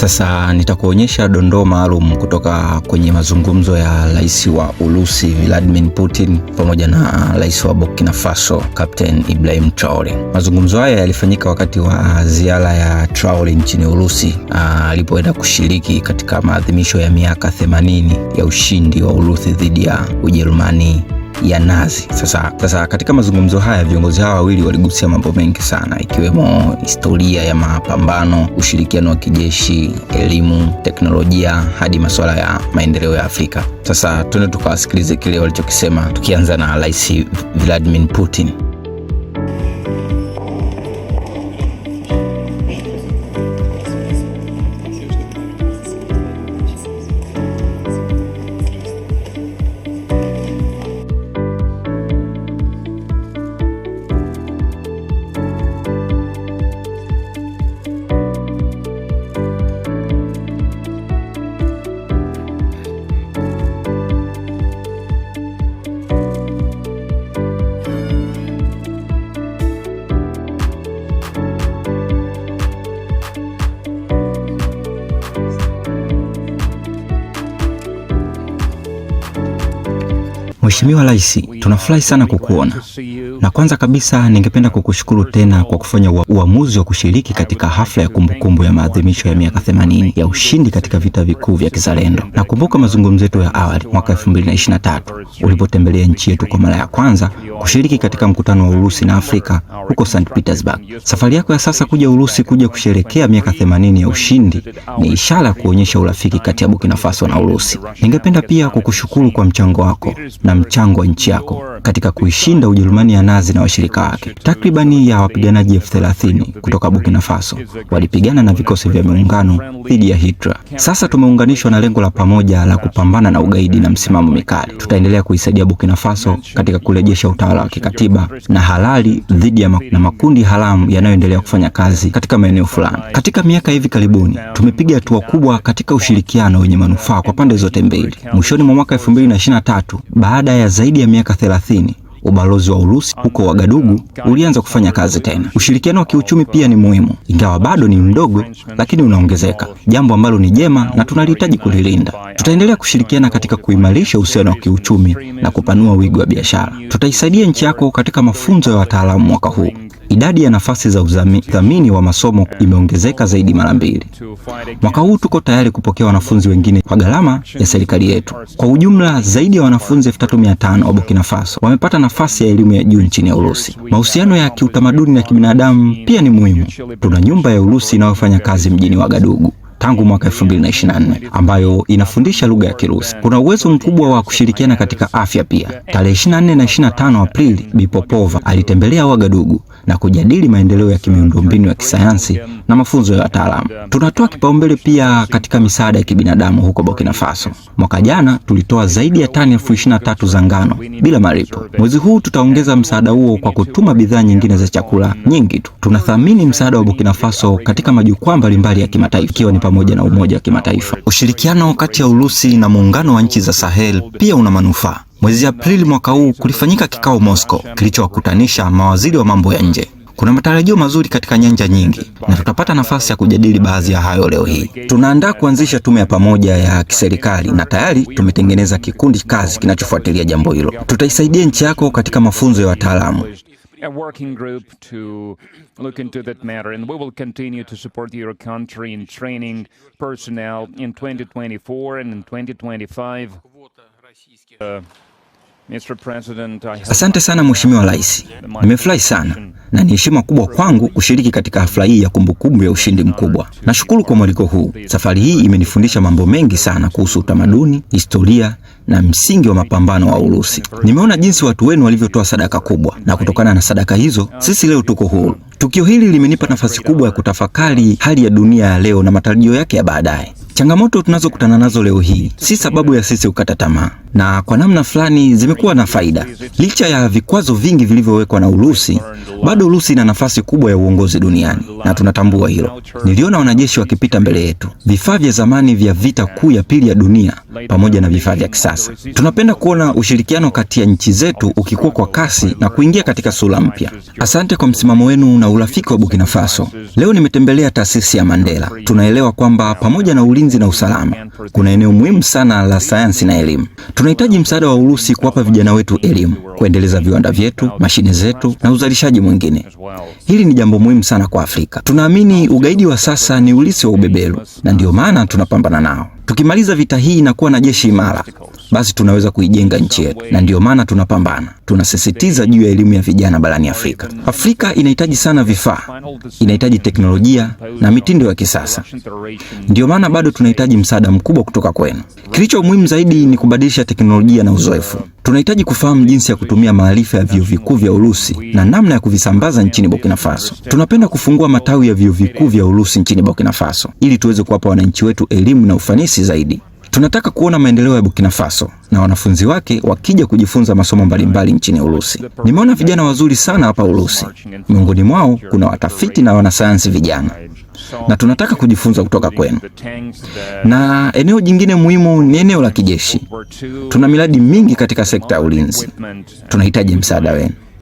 Sasa nitakuonyesha dondoo maalum kutoka kwenye mazungumzo ya rais wa Urusi Vladimir Putin pamoja na rais wa Burkina Faso Captain Ibrahim Traore. Mazungumzo haya yalifanyika wakati wa ziara ya Traore nchini Urusi alipoenda kushiriki katika maadhimisho ya miaka 80 ya ushindi wa Urusi dhidi ya Ujerumani ya Nazi. Sasa, sasa katika mazungumzo haya viongozi hawa wawili waligusia mambo mengi sana ikiwemo historia ya mapambano, ushirikiano wa kijeshi, elimu, teknolojia hadi masuala ya maendeleo ya Afrika. Sasa twende tukawasikilize kile walichokisema tukianza na Rais Vladimir Putin. Mheshimiwa Rais, tunafurahi sana kukuona. Na kwanza kabisa ningependa kukushukuru tena kwa kufanya uamuzi wa kushiriki katika hafla ya kumbukumbu ya maadhimisho ya miaka 80 ya ushindi katika vita vikuu vya kizalendo. Nakumbuka mazungumzo yetu ya awali mwaka 2023 ulipotembelea nchi yetu kwa mara ya kwanza kushiriki katika mkutano wa Urusi na Afrika huko St Petersburg. Safari yako ya sasa kuja Urusi kuja kusherekea miaka 80 ya ushindi ni ishara ya kuonyesha urafiki kati ya Burkina Faso na Urusi. Ningependa pia kukushukuru kwa mchango wako na mchango wa nchi yako katika kuishinda Ujerumani ya Nazi na washirika wake. Takribani ya wapiganaji elfu thelathini kutoka Burkina Faso walipigana na vikosi vya muungano dhidi ya Hitler. Sasa tumeunganishwa na lengo la pamoja la kupambana na ugaidi na msimamo mikali. Tutaendelea kuisaidia Burkina Faso katika kurejesha utawala wa kikatiba na halali dhidi ya na makundi haramu yanayoendelea kufanya kazi katika maeneo fulani. Katika miaka hivi karibuni, tumepiga hatua kubwa katika ushirikiano wenye manufaa kwa pande zote mbili. Mwishoni mwa mwaka 2023 baada ya zaidi ya miaka 30 thelathini. Ubalozi wa Urusi huko Wagadugu ulianza kufanya kazi tena. Ushirikiano wa kiuchumi pia ni muhimu, ingawa bado ni mdogo, lakini unaongezeka, jambo ambalo ni jema na tunalihitaji kulilinda. Tutaendelea kushirikiana katika kuimarisha uhusiano wa kiuchumi na kupanua wigo wa biashara. Tutaisaidia nchi yako katika mafunzo ya wataalamu mwaka huu. Idadi ya nafasi za udhamini wa masomo imeongezeka zaidi mara mbili. Mwaka huu tuko tayari kupokea wanafunzi wengine kwa gharama ya serikali yetu. Kwa ujumla, zaidi ya wanafunzi 3500 wa Burkina Faso wamepata nafasi ya elimu ya juu nchini ya Urusi. Mahusiano ya kiutamaduni na kibinadamu pia ni muhimu. Tuna nyumba ya Urusi inayofanya kazi mjini Wagadugu tangu mwaka 2024 ambayo inafundisha lugha ya Kirusi. Kuna uwezo mkubwa wa kushirikiana katika afya pia. Tarehe 24 na 25 Aprili, Bipopova alitembelea Wagadugu na kujadili maendeleo ya kimiundombinu ya kisayansi na mafunzo ya wataalamu. Tunatoa kipaumbele pia katika misaada ya kibinadamu huko Burkina Faso. Mwaka jana tulitoa zaidi ya tani elfu ishirini na tatu za ngano bila malipo. Mwezi huu tutaongeza msaada huo kwa kutuma bidhaa nyingine za chakula nyingi tu. Tunathamini msaada wa Burkina Faso katika majukwaa mbalimbali ya kimataifa ikiwa ni pamoja na Umoja wa Kimataifa. Ushirikiano kati ya Urusi na Muungano wa nchi za Sahel pia una manufaa. Mwezi Aprili mwaka huu kulifanyika kikao Moscow kilichowakutanisha mawaziri wa mambo ya nje. Kuna matarajio mazuri katika nyanja nyingi na tutapata nafasi ya kujadili baadhi ya hayo leo hii. Tunaandaa kuanzisha tume ya pamoja ya kiserikali na tayari tumetengeneza kikundi kazi kinachofuatilia jambo hilo. Tutaisaidia nchi yako katika mafunzo ya wataalamu. Uh, Asante sana Mheshimiwa Rais, nimefurahi sana na ni heshima kubwa kwangu kushiriki katika hafla hii ya kumbukumbu ya ushindi mkubwa. Nashukuru kwa mwaliko huu. Safari hii imenifundisha mambo mengi sana kuhusu utamaduni, historia na msingi wa mapambano wa Urusi. Nimeona jinsi watu wenu walivyotoa sadaka kubwa, na kutokana na sadaka hizo sisi leo tuko huru. Tukio hili limenipa nafasi kubwa ya kutafakari hali ya dunia ya leo na matarajio yake ya baadaye. Changamoto tunazokutana nazo leo hii si sababu ya sisi kukata tamaa, na kwa namna fulani zimekuwa na faida. Licha ya vikwazo vingi vilivyowekwa na Urusi, bado Urusi ina nafasi kubwa ya uongozi duniani na tunatambua hilo. Niliona wanajeshi wakipita mbele yetu, vifaa vya zamani vya vita kuu ya pili ya dunia pamoja na vifaa vya kisasa. Tunapenda kuona ushirikiano kati ya nchi zetu ukikua kwa kasi na kuingia katika sura mpya. Asante kwa msimamo wenu na urafiki wa Burkina Faso. Leo nimetembelea taasisi ya Mandela. Tunaelewa kwamba pamoja na ulinzi ulinzi na usalama, kuna eneo muhimu sana la sayansi na elimu. Tunahitaji msaada wa Urusi kuwapa vijana wetu elimu, kuendeleza viwanda vyetu, mashine zetu na uzalishaji mwingine. Hili ni jambo muhimu sana kwa Afrika. Tunaamini ugaidi wa sasa ni ulisi wa ubebelu na ndiyo maana tunapambana nao. Tukimaliza vita hii na kuwa na jeshi imara, basi tunaweza kuijenga nchi yetu, na ndiyo maana tunapambana, tunasisitiza juu ya elimu ya vijana barani Afrika. Afrika inahitaji sana vifaa, inahitaji teknolojia na mitindo ya kisasa, ndiyo maana bado tunahitaji msaada mkubwa kutoka kwenu. Kilicho muhimu zaidi ni kubadilisha teknolojia na uzoefu. Tunahitaji kufahamu jinsi ya kutumia maarifa ya vyuo vikuu vya Urusi na namna ya kuvisambaza nchini Burkina Faso. Tunapenda kufungua matawi ya vyuo vikuu vya Urusi nchini Burkina Faso ili tuweze kuwapa wananchi wetu elimu na ufanisi zaidi. Tunataka kuona maendeleo ya Burkina Faso na wanafunzi wake wakija kujifunza masomo mbalimbali nchini Urusi. Nimeona vijana wazuri sana hapa Urusi, miongoni mwao kuna watafiti na wanasayansi vijana, na tunataka kujifunza kutoka kwenu. Na eneo jingine muhimu ni eneo la kijeshi. Tuna miradi mingi katika sekta ya ulinzi, tunahitaji msaada wenu.